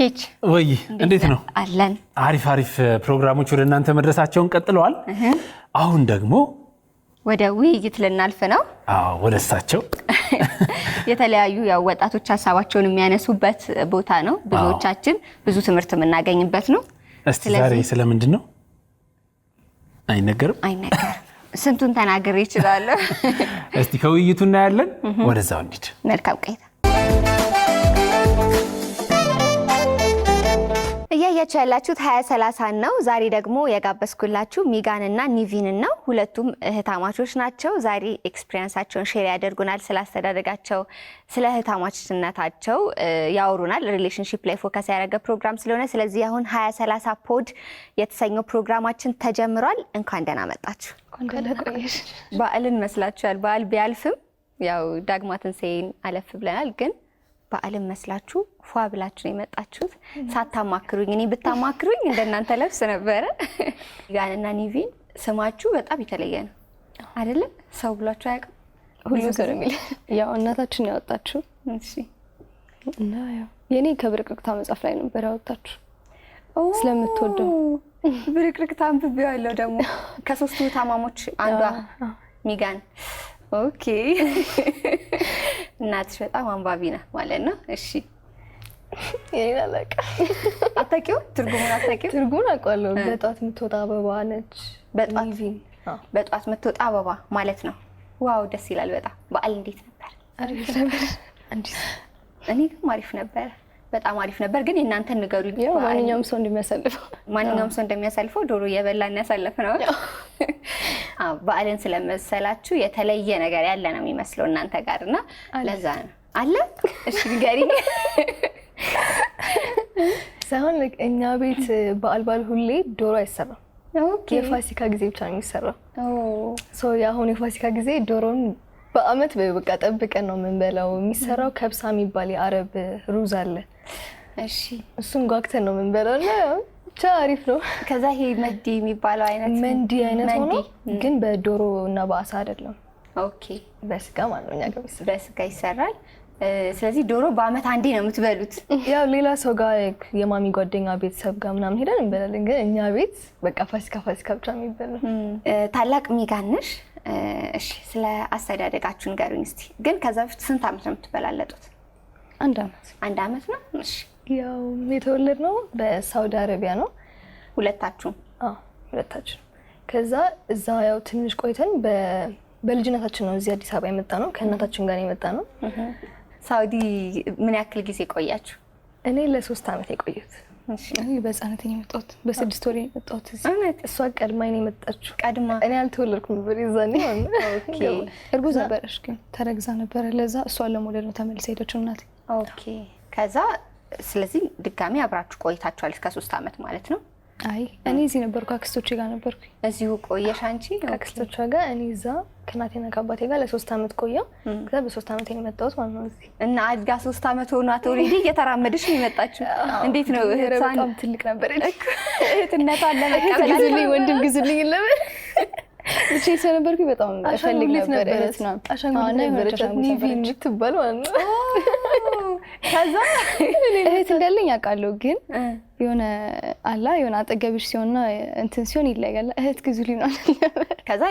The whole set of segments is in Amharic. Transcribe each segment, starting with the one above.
ጌች ወይ እንዴት ነው አለን? አሪፍ አሪፍ ፕሮግራሞች ወደ እናንተ መድረሳቸውን ቀጥለዋል። አሁን ደግሞ ወደ ውይይት ልናልፍ ነው። ወደ እሳቸው የተለያዩ ያው ወጣቶች ሀሳባቸውን የሚያነሱበት ቦታ ነው። ብዙዎቻችን ብዙ ትምህርት የምናገኝበት ነው። እስቲ ዛሬ ስለምንድን ነው አይነገርም? አይነገርም። ስንቱን ተናግሬ ይችላለሁ እስቲ ከውይይቱ እናያለን። ወደዛው እንሂድ። መልካም ቀይታ እያያችሁ ያላችሁት ሀያ ሰላሳን ነው። ዛሬ ደግሞ የጋበዝኩላችሁ ሚጋንና ኒቪንን ነው። ሁለቱም እህታማቾች ናቸው። ዛሬ ኤክስፒሪንሳቸውን ሼር ያደርጉናል። ስላስተዳደጋቸው፣ ስለ እህታማችነታቸው ያወሩናል። ሪሌሽንሽፕ ላይ ፎከስ ያደረገ ፕሮግራም ስለሆነ ስለዚህ አሁን ሀያ ሰላሳ ፖድ የተሰኘው ፕሮግራማችን ተጀምሯል። እንኳን ደህና መጣችሁ። በዓልን መስላችኋል። በዓል ቢያልፍም ያው ዳግማ ትንሣኤን አለፍ ብለናል ግን በዓልን መስላችሁ ፏ ብላችሁ የመጣችሁት ሳታማክሩኝ። እኔ ብታማክሩኝ እንደናንተ ለብስ ነበረ። ጋንና ኒቪን ስማችሁ በጣም የተለየ ነው አይደለም? ሰው ብሏችሁ አያውቅም። ሁሉ ሰው የሚል ያው እናታችን ያወጣችሁ እና ያው የእኔ ከብርቅርቅታ መጽሐፍ ላይ ነበር ያወጣችሁ ስለምትወደው ብርቅርቅታ አንብቤዋለሁ። ደግሞ ከሶስቱ ታማሞች አንዷ ሚጋን ኦኬ እናትሽ በጣም አንባቢ ናት ማለት ነው። እሺ የኔን አላውቅም። አታውቂውም? ትርጉሙን አታውቂውም? ትርጉሙን አውቀዋለሁ። በጠዋት የምትወጣ አበባ ነች። በጠዋት በጠዋት የምትወጣ አበባ ማለት ነው። ዋው ደስ ይላል በጣም። በዓል እንዴት ነበር? አሪፍ ነበር። እኔ ግን አሪፍ ነበረ። በጣም አሪፍ ነበር። ግን የእናንተ ንገሩ። ማንኛውም ሰው እንደሚያሳልፈው ማንኛውም ሰው እንደሚያሳልፈው ዶሮ እየበላን ያሳለፍ ነው። በዓልን ስለመሰላችሁ የተለየ ነገር ያለ ነው የሚመስለው እናንተ ጋር እና ለዛ ነው አለ። እሺ ሳይሆን እኛ ቤት በዓል በዓል ሁሌ ዶሮ አይሰራም። የፋሲካ ጊዜ ብቻ ነው የሚሰራው። አሁን የፋሲካ ጊዜ ዶሮን በአመት በቃ ጠብቀን ነው የምንበላው። የሚሰራው ከብሳ የሚባል የአረብ ሩዝ አለ። እሺ እሱን ጓግተን ነው የምንበላው እና ብቻ አሪፍ ነው። ከዛ ይሄ መንዲ የሚባለው አይነት መንዲ አይነት ሆኖ ግን በዶሮ እና በአሳ አይደለም። ኦኬ በስጋ ማለት ነው። በስጋ ይሰራል። ስለዚህ ዶሮ በአመት አንዴ ነው የምትበሉት። ያው ሌላ ሰው ጋር የማሚ ጓደኛ ቤተሰብ ጋር ምናምን ሄደን እንበላለን፣ ግን እኛ ቤት በቃ ፋሲካ ፋሲካ ብቻ የሚበላ ታላቅ ሚጋነሽ እሺ ስለ አስተዳደጋችሁ ንገሩኝ እስቲ። ግን ከዛ በፊት ስንት ዓመት ነው የምትበላለጡት? አንድ ዓመት አንድ ዓመት ነው። እሺ ያው የተወለድ ነው በሳውዲ አረቢያ ነው ሁለታችሁም? አዎ ከዛ እዛ ያው ትንሽ ቆይተን በልጅነታችን ነው እዚህ አዲስ አበባ የመጣ ነው። ከእናታችን ጋር የመጣ ነው። ሳውዲ ምን ያክል ጊዜ ቆያችሁ? እኔ ለሶስት ዓመት የቆየሁት በህፃነት የመጣሁት በስድስት ወር የመጣሁት እውነት። እሷ ቀድማ ነው የመጣችው። ቀድማ እኔ አልተወለድኩም ነበር የዛኔ። እርጉዝ ነበረች ግን ተረግዛ ነበረ። ለዛ እሷን ለመውለድ ነው ተመልሳ ሄደችው እናቴ። ኦኬ ከዛ ስለዚህ ድጋሚ አብራችሁ ቆይታችኋል እስከ ሶስት ዓመት ማለት ነው? አይ እኔ እዚህ ነበርኩ፣ አክስቶቼ ጋር ነበርኩ። እዚሁ ቆየሽ አንቺ? አክስቶቿ ጋር እኔ እዛ ከእናቴና ከአባቴ ጋር ለሶስት ዓመት ቆየሁ። ከዛ በሶስት ዓመት የመጣሁት ማለት ነው እዚህ እና አድጋ ሶስት ዓመት ሆኗት ኦልሬዲ እየተራመደች ነው የመጣችው። እንዴት ነው በጣም ትልቅ ነበረች። እህትነቷን ለመቀበል ወንድም ግዙልኝ ለምን ብቻ ስለነበርኩ በጣም እፈልግ ነበር። እህት ናት የምትባል ማለት ነው። ከዛ እህት እንዳለኝ አውቃለሁ፣ ግን የሆነ አላ የሆነ አጠገብሽ ሲሆንና እንትን ሲሆን ይለያል። እህት ግዙ ሊሆን ከዛ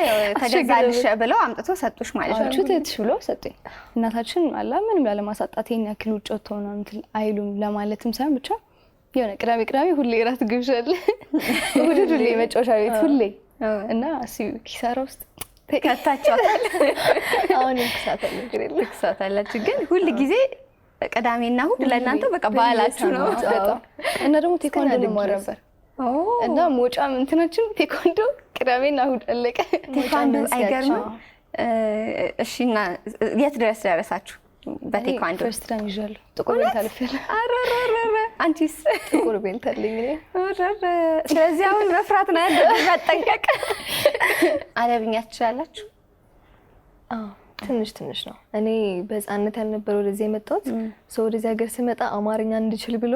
ተገዛልሽ ብለው አምጥቶ ሰጡሽ ማለት ነው። ትትሽ ብሎ ሰጡኝ። እናታችን አላ ምንም ላለማሳጣት ይህን ያክል ውጭ ወጥተው ምናምን አይሉም ለማለትም ሳይሆን ብቻ የሆነ ቅዳሜ ቅዳሜ ሁሌ እራት ግብዣ አለ፣ እሑድ ሁሌ መጫወቻ ቤት ሁሌ እና እሱ ኪሳራ ውስጥ ከታቸዋታል። አሁን ክሳት ግን ሁል ጊዜ ቅዳሜና እሑድ ለእናንተ በቃ ባህላችሁ ነው። እና ደግሞ ቴኳንዶ እንማር ነበር እና መውጫ እንትናችን ቴኳንዶ ቅዳሜና እሑድ አለቀ። ቴኳንዶ አይገርምም? እሺ፣ እና የት ድረስ ደረሳችሁ በቴኳንዶ? ፌስት ዳን ይዣለሁ። ጥቁር ቤት አረረረረ አንቺስ ጥቁር ቤልተልኝ። ስለዚህ አሁን መፍራት ነው መጠንቀቅ። አረብኛ ትችላላችሁ? ትንሽ ትንሽ ነው። እኔ በህፃነት ያልነበረ ወደዚህ የመጣሁት ሰው ወደዚህ ሀገር ስመጣ አማርኛ እንድችል ብሎ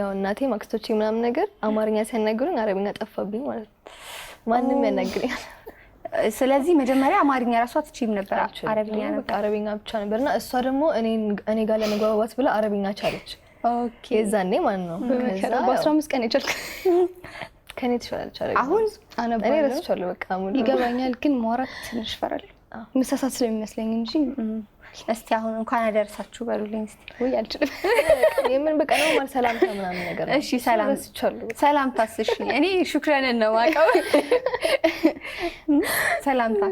ያው እናቴ ማክስቶቼ ምናምን ነገር አማርኛ ሲያናግሩኝ አረብኛ ጠፋብኝ ማለት ነው። ማንም ያናግረኛል። ስለዚህ መጀመሪያ አማርኛ ራሷ አትችይም ነበር፣ አረብኛ ነበር አረብኛ ብቻ ነበር እና እሷ ደግሞ እኔ ጋር ለመግባባት ብላ አረብኛ ቻለች። የዛኔ ማለት ነው። በአስራ አምስት ቀን የቻልክ ከኔ ትችላለች። አሁን እኔ እረስቻለሁ። በቃ ሙሉ ይገባኛል፣ ግን ማውራት ትንሽ እፈራለሁ መሳሳት ስለሚመስለኝ እንጂ እስቲ አሁን እንኳን አደረሳችሁ በሉልኝ። ስ ወይ አልችልም። የምን በቃ ነው ማለት ሰላምታ ምናምን ነገር ነው። እሺ፣ ሰላም ስቻሉ ሰላምታ ስሽ እኔ ሹክራንን ነው የማውቀው። ሰላምታ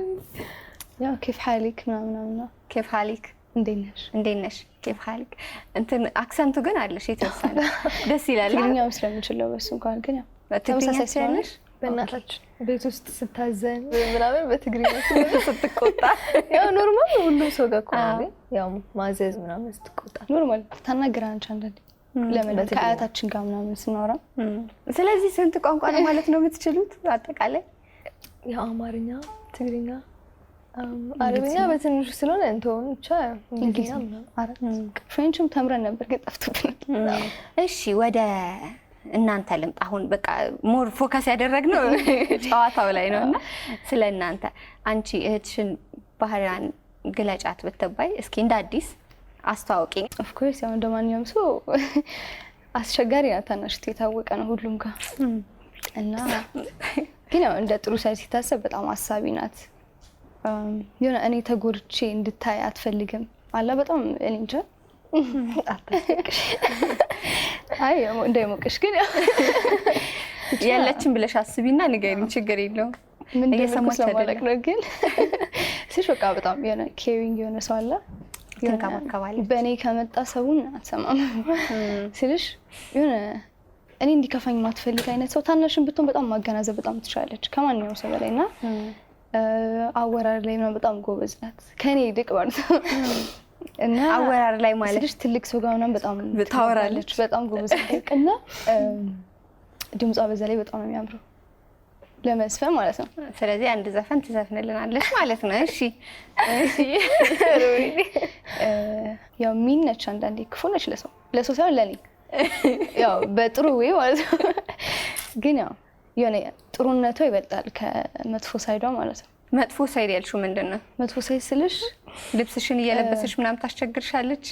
ያው ኬፍ ሀሊክ ምናምናምና ኬፍ ሀሊክ እንዴት ነሽ? እንዴት ነሽ? ኬፍ ሀልክ እንትን አክሰንቱ ግን አለሽ የተወሰነ ደስ ይላል። ስለምችለው በሱ እንኳን ግን ተመሳሳይ ስለሆነሽ በእናታችን ቤት ውስጥ ስታዘን ምናምን በትግርኛ ስትቆጣ ያው ኖርማል ሰው ጋር እኮ ያው ማዘዝ ምናምን ስትቆጣ ኖርማል ለምን ከአያታችን ጋር ምናምን ስናወራ። ስለዚህ ስንት ቋንቋ ነው ማለት ነው የምትችሉት አጠቃላይ? የአማርኛ ትግርኛ አረብኛ በትንሹ ስለሆነ እንትሆኑ ብቻ እንግሊዝኛ ፍሬንችም ተምረን ነበር ግን ጠፍቶብናል። እሺ ወደ እናንተ ልምጣ። አሁን በቃ ሞር ፎከስ ያደረግነው ጨዋታው ላይ ነው እና ስለ እናንተ አንቺ እህትሽን ባህሪያን ግለጫት ብትባይ እስኪ እንደ አዲስ አስተዋውቂ። ኦፍኮርስ ያው እንደ ማንኛውም ሰው አስቸጋሪ ናት ታናሽት፣ የታወቀ ነው ሁሉም ጋር እና ግን ያው እንደ ጥሩ ሳይ ሲታሰብ በጣም አሳቢ ናት። የሆነ እኔ ተጎድቼ እንድታይ አትፈልግም አላ በጣም እኔ እንጃ አይ እንዳይሞቅሽ ግን ያለችን ብለሽ አስቢና ንገሪኝ፣ ችግር የለውም እየሰማች ነው። ግን ስሽ በቃ በጣም የሆነ ኬሪንግ የሆነ ሰው አለ በእኔ ከመጣ ሰውን አትሰማም ስልሽ የሆነ እኔ እንዲከፋኝ ማትፈልግ አይነት ሰው ታናሽን ብትሆን በጣም ማገናዘብ በጣም ትችላለች ከማንኛውም ሰው በላይ እና አወራር ላይ ምናምን በጣም ጎበዝ ናት ከኔ ይልቅ ማለት ነው። እና አወራር ላይ ማለት ትልቅ ሰው ጋር ምናምን በጣም ታወራለች። በጣም ጎበዝ ናት እና ድምጿ በዛ ላይ በጣም ነው የሚያምረው ለመዝፈን ማለት ነው። ስለዚህ አንድ ዘፈን ትዘፍንልናለች ማለት ነው። እሺ ያው ሚን ነች አንዳንዴ ክፉ ነች ለሰው ለሰው ሳይሆን ለእኔ ያው በጥሩ ወይ ማለት ነው ግን ያው የሆነ ጥሩነቱ ይበልጣል ከመጥፎ ሳይዷ ማለት ነው። መጥፎ ሳይድ ያልሽው ምንድን ነው? መጥፎ ሳይድ ስልሽ ልብስሽን እየለበሰሽ ምናምን ታስቸግርሻለች።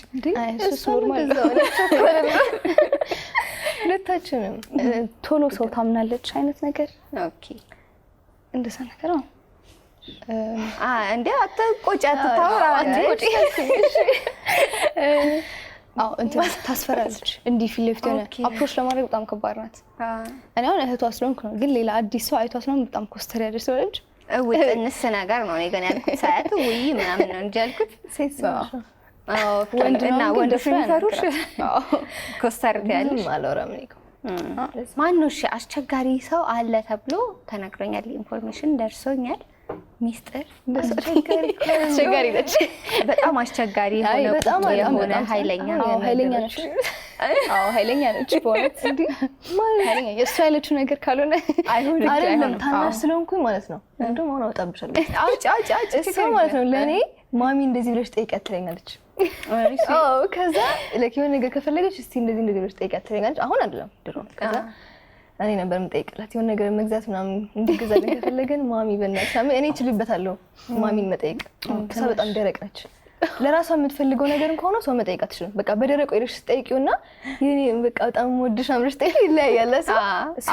ሁለታችንም ቶሎ ሰው ታምናለች አይነት ነገር እንደዛ ነገር ነው። እንዲ አትቆጪ፣ አትታወራ አዎ እንትን ታስፈራለች። እንዲህ ፊት ለፊት የሆነ አፕሮች ለማድረግ በጣም ከባድ ናት። እኔ አሁን እህቷ ስለሆንኩ ነው፣ ግን ሌላ አዲስ ሰው አይቷ ስለሆን በጣም ኮስተር ያደርስ ወለች ውጥንስ ነገር ነው። እኔ ገና ያልኩት ሰዓት ውይ ምናምን ነው እንጂ ያልኩት ሴት ወንድና ወንድ ሚፈሩሽ ኮስተር ያለሽ አልወራም እኔ ማነው? አስቸጋሪ ሰው አለ ተብሎ ተነግሮኛል፣ ኢንፎርሜሽን ደርሶኛል ሚስጥር አስቸጋሪ ነች። በጣም አስቸጋሪ የሆነ ኃይለኛ ነች። ኃይለኛ ነች። የእሱ ያለችው ነገር ካልሆነ አይሆንም። ታናሽ ስለሆንኩኝ ማለት ነው። እንደውም አሁን አወጣብሻለሁ እሱ ማለት ነው። ለእኔ ማሚ እንደዚህ ብለሽ ጠይቂያት ትለኛለች። ከዛ የሆነ ነገር ከፈለገች እስኪ እንደዚህ እንደዚህ ብለሽ ጠይቂያት ትለኛለች። አሁን አይደለም ድሮ እኔ ነበር የምጠይቅላት የሆነ ነገር መግዛት ምናምን እንዲገዛልን ከፈለገን ማሚ በእናትሽ እኔ እችልበታለሁ ማሚን መጠየቅ። እሷ በጣም ደረቅ ነች። ለራሷ የምትፈልገው ነገር ከሆነ ሰው መጠየቅ አትችልም። በቃ በደረቁ ሄደሽ ስጠይቂው እና በቃ በጣም ወድሽ አምረሽ ጠይቅ ይለያያለ ሰው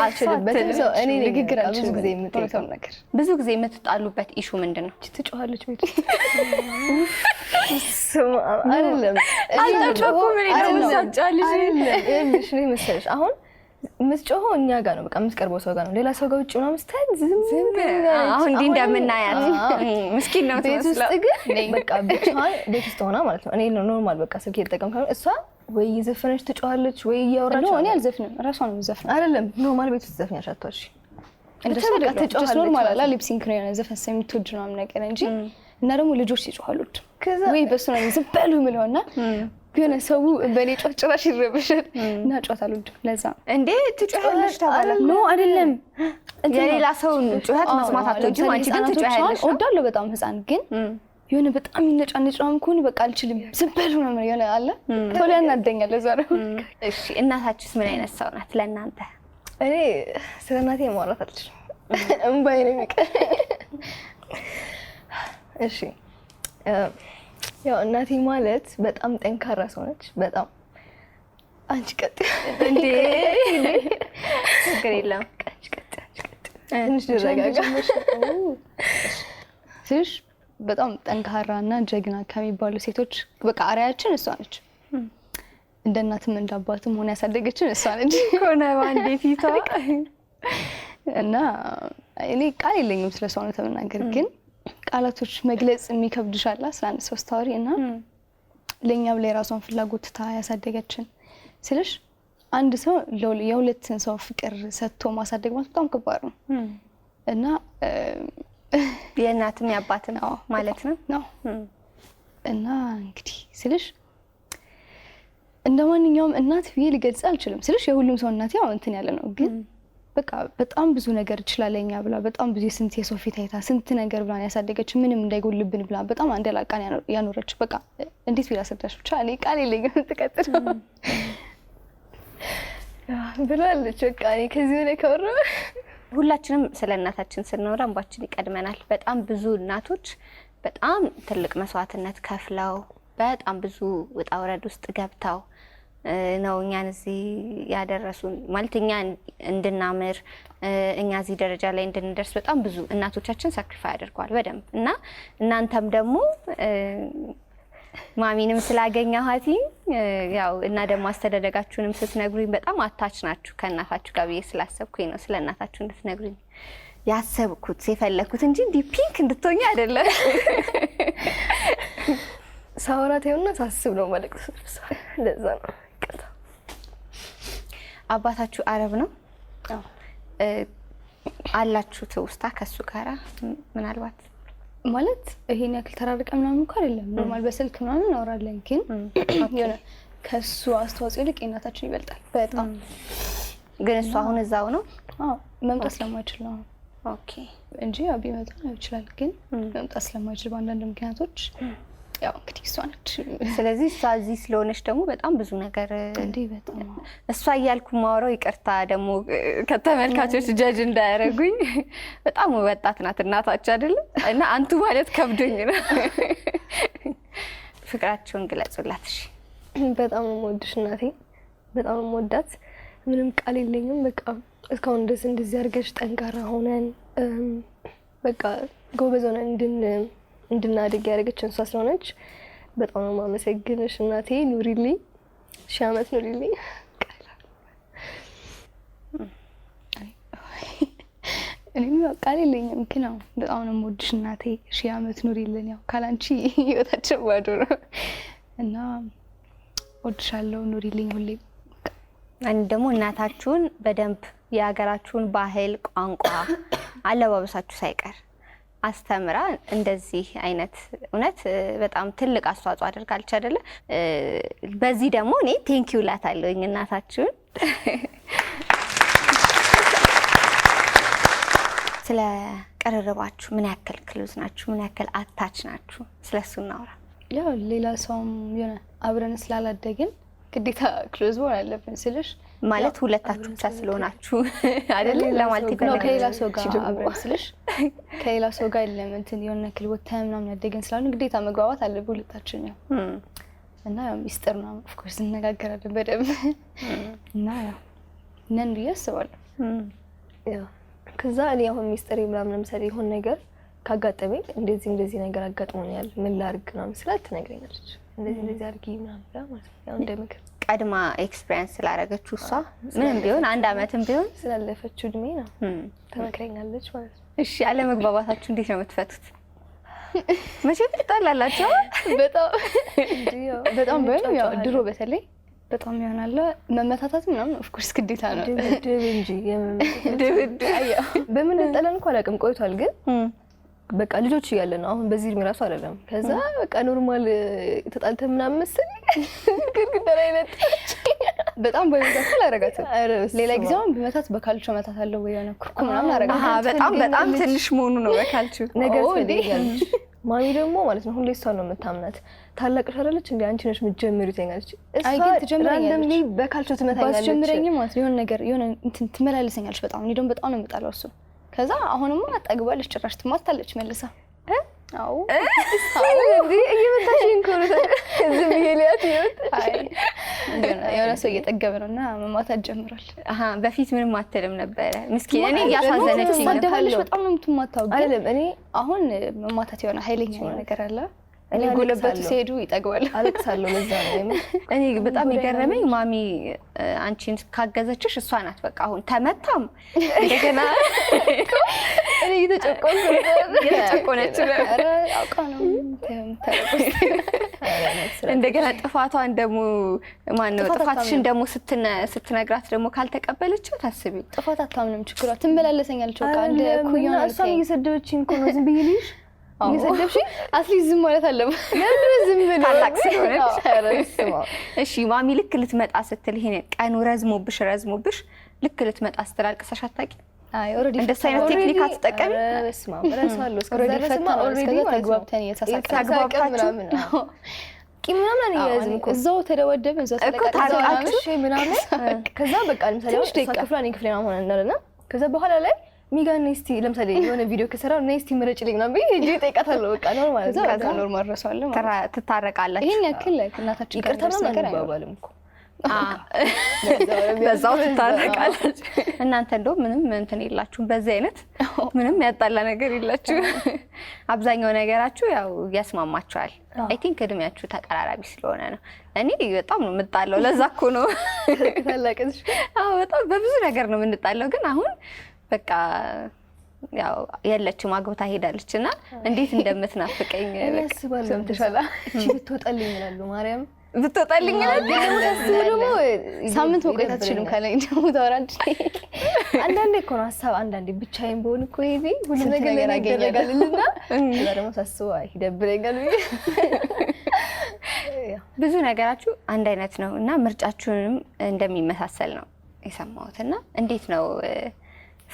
አልችልበትም። ሰው እኔ ንግግር ብዙ ጊዜ የምጠይቀው ነገር ብዙ ጊዜ የምትጣሉበት ኢሹ ምንድን ነው? ትጮኋለች ቤት አይደለም አይደለም መሰለሽ አሁን ምስጮሆ እኛ ጋር ነው። በቃ የምትቀርበው ሰው ጋር ነው። ሌላ ሰው ጋር ውጭ ነው ምስታይ ዝም አሁን እንዲህ እንደምናያት ምስኪን ነው። ቤት ውስጥ ግን በቃ ብቻዋን ቤት ውስጥ ሆና ማለት ነው። እኔ ኖርማል በቃ ስልክ እየተጠቀምኩ ነው። እሷ ወይ እየዘፈነች ትጮኻለች ወይ እያወራች ነው። እኔ አልዘፍንም፣ እራሷ ነው የምትዘፍነው። አይደለም ኖርማል ቤት ውስጥ ዘፍኝ አሻቷች ኖርማል አላ ሊፕሲንክ ነው የሆነ ዘፈን ስለምትወድ ነው ምናምን ነገር እንጂ እና ደግሞ ልጆች ይጮኻሉ ወይ በሱ ነው ዝም በሉ የምለው እና የሆነ ሰው በእኔ ጮህ ጭራሽ ይረብሻል እና ጮህ አልወድም። ለዛ እንዴ ትጮህለሽ ተባላት ነው አይደለም የሌላ ሰው ጩኸት መስማት አትወጂም አንቺ ግን ትጮህለሽ። እወዳለሁ በጣም ህፃን ግን የሆነ በጣም ይነጫነጭ ምናምን ከሆነ በቃ አልችልም። ዝም በሉ ምናምን የሆነ አለ ቶሎ ያናደኛል። ለዛ ነው። እሺ እናታችሁስ ምን አይነት ሰው ናት ለእናንተ? እኔ ስለ እናቴ ማውራት አልችልም። እምባዬ ነው የሚቀር። እሺ ያው እናቴ ማለት በጣም ጠንካራ ሰው ነች። በጣም አንቺ ቀጥ እንዴ ችግር የለም አንቺ ቀጥ አንቺ ትንሽ በጣም ጠንካራ እና ጀግና ከሚባሉ ሴቶች በቃ አርያችን እሷ ነች። እንደ እናትም እንደ አባትም ሆነ ያሳደገችን እሷ ነች። ሆነ ባንዴት ይታ እና እኔ ቃል የለኝም ስለ እሷ ነው ተመናገር ግን ቃላቶች መግለጽ የሚከብድሻል። ስለ አንድ ሰው ስታወሪ እና ለእኛም ላይ የራሷን ፍላጎት ታ ያሳደገችን ስልሽ አንድ ሰው የሁለትን ሰው ፍቅር ሰጥቶ ማሳደግ ማለት በጣም ከባድ ነው እና የእናትም ያባት ነው ማለት ነው ነው እና እንግዲህ ስልሽ እንደ ማንኛውም እናት ብዬ ልገልጽ አልችልም ስልሽ የሁሉም ሰው እናት ያው እንትን ያለ ነው ግን በቃ በጣም ብዙ ነገር እችላለኛ ብላ በጣም ብዙ የስንት የሰው ፊት አይታ ስንት ነገር ብላ ያሳደገች ምንም እንዳይጎልብን ብላ በጣም አንደላቃን ያኖረች በቃ እንዴት ቢላ ሰዳሽ ብቻ እኔ ቃል የለኝም። ትቀጥል ብላለች። በቃ እኔ ከዚህ ሆነ ከወረ ሁላችንም ስለ እናታችን ስናወራ እንባችን ይቀድመናል። በጣም ብዙ እናቶች በጣም ትልቅ መስዋዕትነት ከፍለው በጣም ብዙ ውጣ ውረድ ውስጥ ገብተው ነው እኛን እዚህ ያደረሱን ማለት እኛ እንድናምር እኛ እዚህ ደረጃ ላይ እንድንደርስ በጣም ብዙ እናቶቻችን ሳክሪፋይ አድርገዋል በደንብ እና እናንተም ደግሞ ማሚንም ስላገኘኋት ያው እና ደግሞ አስተዳደጋችሁንም ስትነግሩኝ በጣም አታች ናችሁ ከእናታችሁ ጋር ብዬ ስላሰብኩኝ ነው ስለ እናታችሁ እንድትነግሩኝ ያሰብኩት የፈለግኩት እንጂ እንዲህ ፒንክ እንድትሆኝ አይደለም። ሳወራት የሆነ ሳስብ ነው መልእክት ለዛ ነው አባታችሁ አረብ ነው አላችሁ ትውስታ ከሱ ጋራ ምናልባት ማለት ይሄን ያክል ተራርቀ ምናምን እንኳ አይደለም። ኖርማል በስልክ ምናምን እናወራለን፣ ግን የሆነ ከሱ አስተዋጽኦ ይልቅ የእናታችን ይበልጣል በጣም ግን እሱ አሁን እዛው ነው መምጣት ስለማይችል ነው እንጂ ቢመጣ ይችላል፣ ግን መምጣት ስለማይችል በአንዳንድ ምክንያቶች ያው እንግዲህ እሷ ነች። ስለዚህ እሷ እዚህ ስለሆነች ደግሞ በጣም ብዙ ነገር እሷ እያልኩ ማውራው ይቅርታ ደግሞ ከተመልካቾች ጀጅ እንዳያደርጉኝ። በጣም ወጣት ናት እናታች አይደለም እና አንቱ ማለት ከብዶኝ ነው። ፍቅራቸውን ግለጹላት እሺ። በጣም የምወድሽ እናቴ፣ በጣም የምወዳት ምንም ቃል የለኝም። በቃ እስካሁን ድረስ እንደዚህ አድርገሽ ጠንካራ ሆነን በቃ ጎበዝ ሆነን እንድን እንድናድግ ያደረገች እንሷ ስለሆነች በጣም ነው ማመሰግንሽ እናቴ። ኑሪልኝ፣ ሺህ ዓመት ኑሪልኝ። እኔም ያው ቃል የለኝም፣ ግን ያው በጣም ነው የምወድሽ እናቴ። ሺህ ዓመት ኑሪልን። ያው ካላንቺ ህይወታችን ባዶ ነው እና ወድሻለሁ፣ ኑሪልኝ ሁሌ። አንድ ደግሞ እናታችሁን በደንብ የሀገራችሁን ባህል፣ ቋንቋ፣ አለባበሳችሁ ሳይቀር አስተምራ እንደዚህ አይነት እውነት በጣም ትልቅ አስተዋጽኦ አድርጋለች አይደለ? በዚህ ደግሞ እኔ ቴንኪው ላታለሁኝ እናታችሁን። ስለ ቅርርባችሁ ምን ያክል ክሎዝ ናችሁ? ምን ያክል አታች ናችሁ? ስለሱ እናውራ። ያው ሌላ ሰውም የሆነ አብረን ስላላደግን ግዴታ ክሎዝ መሆን አለብን ስልሽ ማለት ሁለታችሁ ብቻ ስለሆናችሁ አይደለ? ለማለት ይፈልጋል። ከሌላ ሰው ጋር አብረን ስልሽ ከሌላ ሰው ጋር የለም እንትን የሆነ ክል ቦታ ምናምን ያደገን ስላሉ ግዴታ መግባባት አለብን ሁለታችን ያው እና ያው ሚስጥር ነው ኦፍኮርስ እንነጋገራለን በደንብ እና ያው ነን ብዬ አስባለሁ። ከዛ እኔ አሁን ሚስጥር ምናምን ለምሳሌ የሆን ነገር ካጋጠመኝ እንደዚህ እንደዚህ ነገር አጋጥሞኛል ምን ላድርግ ምናምን ስላት ትነግረኛለች። እንደዚህ እንደዚህ አድርጊ ምናምን ያው እንደ ምክር ቀድማ ኤክስፒሪየንስ ስላደረገችው እሷ ምንም ቢሆን አንድ አመትም ቢሆን ስላለፈችው እድሜ ነው ተመክረኛለች ማለት ነው። እሺ አለመግባባታችሁ እንዴት ነው የምትፈቱት? መቼም ትጣላላቸው በጣም በጣም ቢሆን ያው ድሮ በተለይ በጣም ይሆናለ መመታታት ምናምን ኦፍኮርስ ግዴታ ነው። ድብድብ እንጂ ድብድብ በምን ጠለን እንኳን አላውቅም ቆይቷል ግን በቃ ልጆች እያለ ነው አሁን በዚህ እድሜ ራሱ አይደለም። ከዛ በቃ ኖርማል ተጣልተ ምናምን መሰለኝ ግድግዳ ላይ ነጠች። በጣም በመካከል አረጋትም። ሌላ ጊዜ ብመታት በካልቾ መታት አለው ወይ የሆነ ኩርኩ ምናምን አረጋት። በጣም በጣም ትንሽ መሆኑ ነው በካልቾ ነገር ትፈልጊያለሽ። ማሚ ደግሞ ማለት ነው ሁሌ እሷ ነው የምታምናት። ታላቅሽ አይደለች እንደ አንቺ ነሽ የምትጀምሪው ትይኛለች። ራንደምሊ በካልቾ ትመታኛለች። ባስጀምረኝም ማለት ነው የሆነ ነገር የሆነ እንትን ትመላለሰኛለች በጣም። እኔ ደግሞ በጣም ነው የምጣለው እሱ። ከዛ አሁንማ ጠግባለች ጭራሽ ትማታለች መልሳ የሆነ ሰው እየጠገበ ነው እና መማታት ጀምሯል። በፊት ምንም አትልም ነበረ። ምስኪን እኔ እያሳዘነችኝ በጣም ነው የምትማታው። እኔ አሁን መማታት የሆነ ኃይለኛ ነገር አለ እኔ ጎለበቱ ሲሄዱ ይጠግባል አለቅሳለሁ። ለዛ ነው እኔ በጣም የገረመኝ ማሚ አንቺን ካገዘችሽ እሷ ናት። በቃ አሁን ተመታም እንደገና እኔ እየተጨቆንኩ እየተጨቆነች እንደገና ጥፋቷን ደግሞ ማነው ጥፋትሽን ደግሞ ስትነግራት ደግሞ ካልተቀበለችው ታስቢ ጥፋት አታምንም። ችግሯ ትመላለሰኛለች። በቃ አንድ ኩያ ነው። እሷም እየሰደበችኝ እኮ ነው ዝም ብዬሽ ልይሽ እየሰደብሽኝ አትሊስት ዝም ማለት አለብህ። ዝም ታላቅ ስለሆነች። እሺ ማሚ ልክ ልትመጣ ስትል ይሄን ቀኑ ረዝሞብሽ ረዝሞብሽ ልክ ልትመጣ ስትል አልቅሰሽ አታውቂም? እንደሱ አይነት ቴክኒክ አትጠቀሚ። ተግባብተን እየተሳሳቅን ምናምን እያያዝን እኮ እዛው ተደበደብን እኮ ታርቃችሁ ምናምን ከዛ በቃ ለምሳሌ ክፍሏን ክፍሌ ሆነ ከዛ በኋላ ላይ ሚጋን እስቲ ለምሳሌ የሆነ ቪዲዮ ከሰራ እና እስቲ ምረጭ ልኝ ምናምን ብዬ ሂጅ እጠይቃታለሁ። በቃ ኖርማል ነው። ከዛ ኖርማል ረሳለ ማለት ትታረቃላችሁ። ይሄን ያክል ላይ እናታችን ይቅርታ ምናምን አንባባልም እኮ በዛው ትታረቃላችሁ። እናንተ እንደ ምንም እንትን የላችሁ በዚህ አይነት ምንም ያጣላ ነገር የላችሁ። አብዛኛው ነገራችሁ ያው ያስማማችኋል። አይ ቲንክ እድሜያችሁ ተቀራራቢ ስለሆነ ነው። እኔ በጣም ነው የምጣለው። ለዛ እኮ ነው በጣም በብዙ ነገር ነው የምንጣለው፣ ግን አሁን በቃ ያው የለችም አግብታ ሄዳለች እና እንዴት እንደምትናፍቀኝ ያስባሉ። ተሻላ ብትወጣልኝ ይላሉ ማርያም ብትወጣልኝ ይላሉ። ደግሞ ሳምንት መቆየት አትችልም ካለኝ ደግሞ ታወራለች። አንዳንዴ እኮ ነው ሀሳብ አንዳንዴ ብቻዬን በሆን እኮ ይሄ ሁሉ ነገር ያገኛል እና እዛ ደግሞ ሳስበው ይደብረኛል። ብዙ ነገራችሁ አንድ አይነት ነው እና ምርጫችሁንም እንደሚመሳሰል ነው የሰማሁት እና እንዴት ነው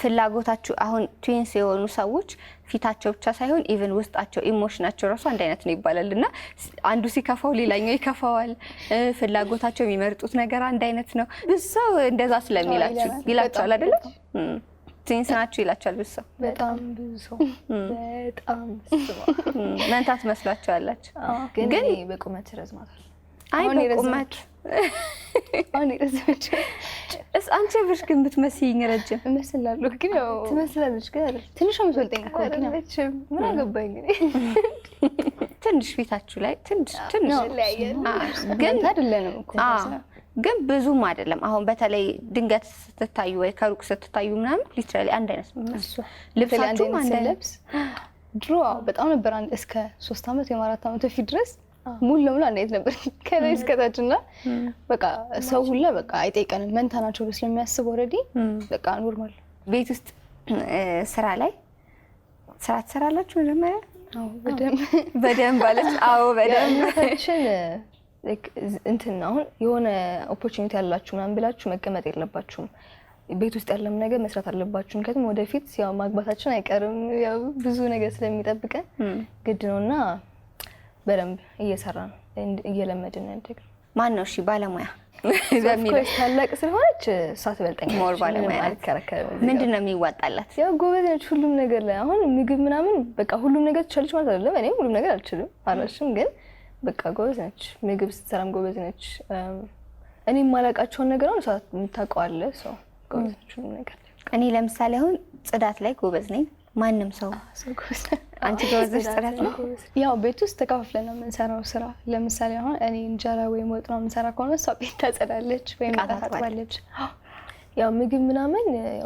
ፍላጎታችሁ አሁን ትዊንስ የሆኑ ሰዎች ፊታቸው ብቻ ሳይሆን ኢቨን ውስጣቸው ኢሞሽናቸው ራሱ አንድ አይነት ነው ይባላል እና አንዱ ሲከፋው ሌላኛው ይከፋዋል። ፍላጎታቸው የሚመርጡት ነገር አንድ አይነት ነው። ብዙ ሰው እንደዛ ስለሚላችሁ ይላቸዋል አይደለም? ትዊንስ ናችሁ ይላቸዋል ብዙ ሰው። በጣም ብዙ ሰው በጣም መንታት ትመስሏቸዋላችሁ፣ ግን በቁመት ረዝማታል አይ በቁመት አሁን የረዘመችው እስ አንቺ ብሽ ግን ብትመስይኝ ረጅም እመስላለሁ። ግን ያው ትመስላለች፣ ግን ትንሽ የምትበልጠኝ እኮ አይደለችም። ምን አገባኝ ግን ትንሽ ፊታችሁ ላይ ትንሽ ትንሽ ግን አይደለንም እኮ ግን ብዙም አይደለም። አሁን በተለይ ድንገት ስትታዩ ወይ ከሩቅ ስትታዩ ምናምን ሊትራሊ አንድ አይነት ነው ልብሳችሁ። አንድ ልብስ ድሮ በጣም ነበር አንድ እስከ ሶስት አመት ወይም አራት አመት በፊት ድረስ ሙሉ ለሙሉ አንድ አይነት ነበር ከላይ እስከታች እና በቃ ሰው ሁላ በቃ አይጠይቀንም መንታ ናቸው ብሎ ስለሚያስብ ኦልሬዲ በቃ ኖርማል። ቤት ውስጥ ስራ ላይ ስራ ትሰራላችሁ መጀመሪያ? በደንብ አለች። አዎ በደንብ እንትን አሁን የሆነ ኦፖርቹኒቲ ያላችሁ ምናምን ብላችሁ መቀመጥ የለባችሁም። ቤት ውስጥ ያለም ነገር መስራት አለባችሁ። ምክንያቱም ወደፊት ያው ማግባታችን አይቀርም ያው ብዙ ነገር ስለሚጠብቀን ግድ ነው እና በደንብ እየሰራ ነው እየለመድን ያደግ ማን ነው? እሺ ባለሙያ ታላቅ ስለሆነች እሷ ትበልጠኝ ሞር ባለሙያ አልከረከርም። ምንድን ነው የሚዋጣላት? ያው ጎበዝ ነች ሁሉም ነገር ላይ አሁን ምግብ ምናምን በቃ ሁሉም ነገር ትችላለች ማለት አይደለም። እኔም ሁሉም ነገር አልችልም አላልሽም፣ ግን በቃ ጎበዝ ነች። ምግብ ስትሰራም ጎበዝ ነች። እኔ የማላውቃቸውን ነገር አሁን እሷ የምታውቀዋለ ሰው ጎበዝ ነች ሁሉም ነገር። እኔ ለምሳሌ አሁን ጽዳት ላይ ጎበዝ ነኝ። ማንም ሰው ጎበዝ አንቺ ጎበዘሽ ጥረት ነው። ያው ቤት ውስጥ ተከፋፍለን ነው የምንሰራው ስራ። ለምሳሌ አሁን እኔ እንጀራ ወይም ወጥ ነው የምንሰራ ከሆነ እሷ ቤት ታጸዳለች ወይም ታጥባለች። ያው ምግብ ምናምን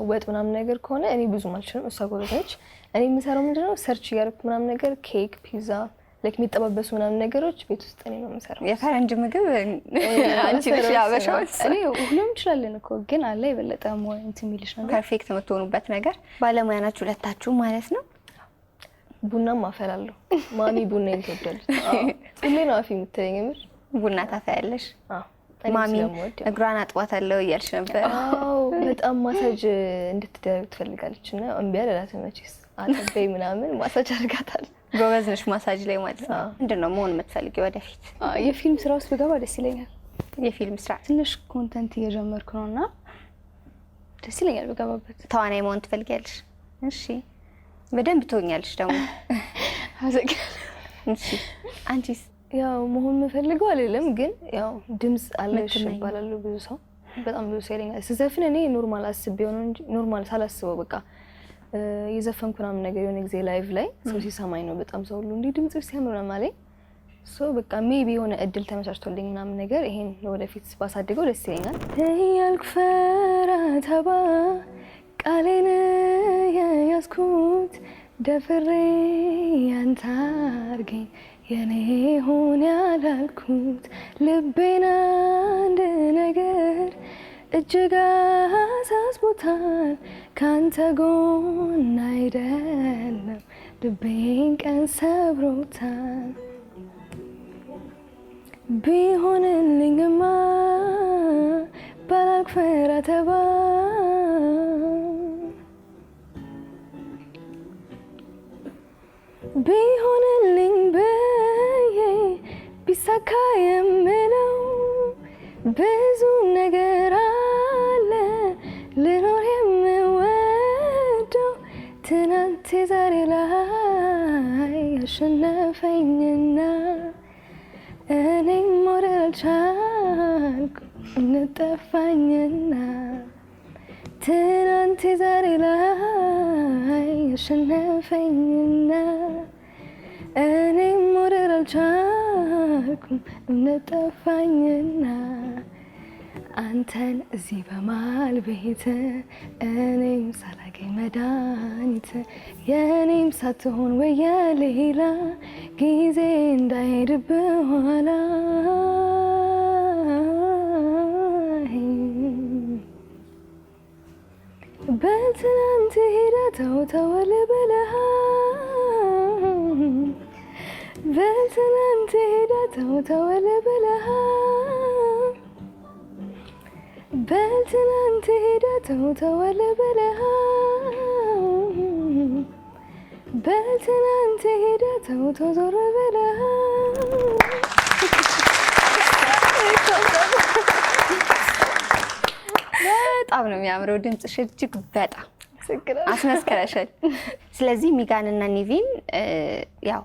ወጥ ምናምን ነገር ከሆነ እኔ ብዙም አልችልም፣ እሷ ጎበዝ ነች። እኔ የምሰራው ምንድነው ሰርች እያደረኩ ምናምን ነገር ኬክ፣ ፒዛ ላይክ የሚጠባበሱ ምናምን ነገሮች ቤት ውስጥ እኔ ነው የምሰራው። የፈረንጅ ምግብ አንቺ ነሽ ያበሻዎች። እኔ ሁሉም እንችላለን እኮ ግን አለ የበለጠ እንትን የሚልሽ ነገር ፐርፌክት የምትሆኑበት ነገር ባለሙያ ናችሁ ሁለታችሁ ማለት ነው። ቡናም አፈላለሁ። ማሚ ቡና ትወዳለች። ሁሌ ነው አፊ የምትለኝ። የምር ቡና ታፈያለሽ? ማሚ እግሯን አጥቧታለሁ እያልሽ ነበር። በጣም ማሳጅ እንድትደረግ ትፈልጋለች እና እምቢ አልላትም። መቼስ አጠበይ ምናምን ማሳጅ አድርጋታለሁ። ጎበዝ ነሽ ማሳጅ ላይ ማለት ነው። ምንድን ነው መሆን የምትፈልጊው ወደፊት? የፊልም ስራ ውስጥ ብገባ ደስ ይለኛል። የፊልም ስራ ትንሽ ኮንተንት እየጀመርኩ ነው እና ደስ ይለኛል ብገባበት። ተዋናይ መሆን ትፈልጊያለሽ? እሺ በደንብ ትሆኛለሽ ደግሞ አንቺስ? ያው መሆን የምፈልገው አይደለም ግን ያው ድምፅ አለሽ ይባላሉ ብዙ ሰው በጣም ብዙ ሰው ይለኛል። ስዘፍን እኔ ኖርማል አስቤ ሆነው እንጂ ኖርማል ሳላስበው በቃ የዘፈንኩ ምናምን ነገር የሆነ ጊዜ ላይቭ ላይ ሰው ሲሰማኝ ነው በጣም ሰው ሁሉ እንዲህ ድምጽ ሲያምር ነው ማለኝ ሶ በቃ ሜቢ የሆነ እድል ተመቻችቶልኝ ምናምን ነገር ይሄን ወደፊት ባሳድገው ደስ ይለኛል። ያልኩ ፈራ ተባ ቃሌን የያዝኩት ደፍሬ ያንተ አርጌ የኔ ሆን ያላልኩት ልቤን አንድ ነገር እጅግ አሳስቦታል። ካንተ ጎን አይደለም ልቤን ቀን ሰብሮታል። ቢሆንልኝማ ባላልኩ ተባ ቢሆንልኝ ብዬ ቢሳካ የምለው ብዙ ነገር አለ ልኖር የምወደው ትናንት የዛሬ ላይ ያሸነፈኝና እኔም ወደልቻልኩ እንጠፋኝና ትናንት የዛሬ ላይ ያሸነፈኝና እኔም መውደድ አልቻልኩም እምነት ጠፋኝና አንተን እዚህ በማል ቤት እኔም ሳላገኝ መድኃኒት የእኔም ሳትሆን ወየ ሌላ ጊዜ እንዳይሄድብ ኋላ በትናንት ሄዳ ተውተወል ብለሃል በትናንት ሄዳ ተውተወለ ብለሃ በትናንት ሄዳ ተውተወለ ብለሃ በትናንት ሄዳ ተውቶ ዞረ ብለሃ በጣም ነው የሚያምረው ድምፅሽ፣ እጅግ በጣም አስመስከረሻል። ስለዚህ ሚጋንና ኒቪን ያው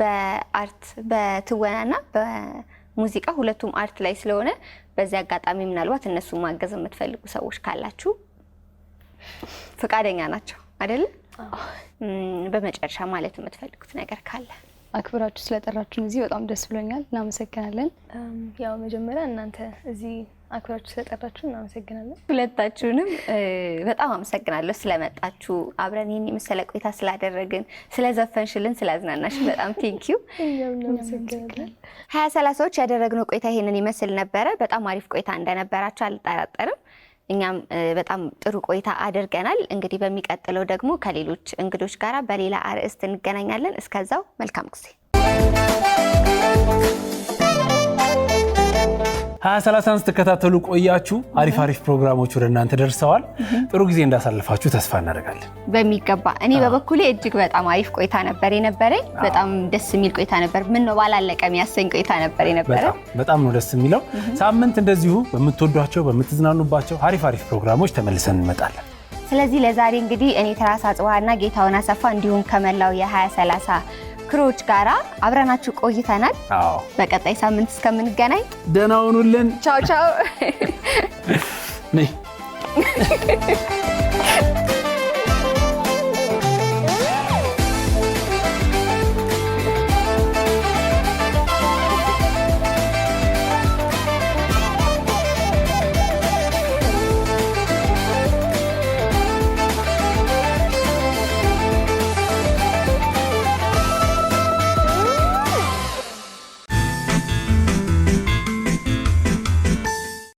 በአርት በትወናና በሙዚቃ ሁለቱም አርት ላይ ስለሆነ በዚህ አጋጣሚ ምናልባት እነሱ ማገዝ የምትፈልጉ ሰዎች ካላችሁ ፈቃደኛ ናቸው አይደለ? በመጨረሻ ማለት የምትፈልጉት ነገር ካለ አክብራችሁ ስለጠራችሁን እዚህ በጣም ደስ ብሎኛል። እናመሰግናለን። ያው መጀመሪያ እናንተ እዚህ አክብራችሁ ስለጠራችሁ እናመሰግናለን። ሁለታችሁንም በጣም አመሰግናለሁ ስለመጣችሁ፣ አብረን ይህን የመሰለ ቆይታ ስላደረግን፣ ስለዘፈንሽልን፣ ስላዝናናሽ በጣም ቴንኪዩ። ሀያ ሰላሳዎች ያደረግነው ቆይታ ይሄንን ይመስል ነበረ። በጣም አሪፍ ቆይታ እንደነበራችሁ አልጠራጠርም። እኛም በጣም ጥሩ ቆይታ አድርገናል። እንግዲህ በሚቀጥለው ደግሞ ከሌሎች እንግዶች ጋራ በሌላ አርዕስት እንገናኛለን። እስከዛው መልካም ጊዜ ሀያ ሰላሳን ስትከታተሉ ቆያችሁ። አሪፍ አሪፍ ፕሮግራሞች ወደ እናንተ ደርሰዋል። ጥሩ ጊዜ እንዳሳልፋችሁ ተስፋ እናደርጋለን። በሚገባ እኔ በበኩሌ እጅግ በጣም አሪፍ ቆይታ ነበር የነበረኝ። በጣም ደስ የሚል ቆይታ ነበር። ምን ነው ባላለቀ የሚያሰኝ ቆይታ ነበር የነበረ። በጣም ነው ደስ የሚለው። ሳምንት እንደዚሁ በምትወዷቸው በምትዝናኑባቸው አሪፍ አሪፍ ፕሮግራሞች ተመልሰን እንመጣለን። ስለዚህ ለዛሬ እንግዲህ እኔ ተራሳ ጽዋና ጌታውን አሰፋ እንዲሁም ከመላው የ2030 ክሮች ጋራ አብረናችሁ ቆይተናል። በቀጣይ ሳምንት እስከምንገናኝ ደህና ሁኑልን። ቻው ቻው።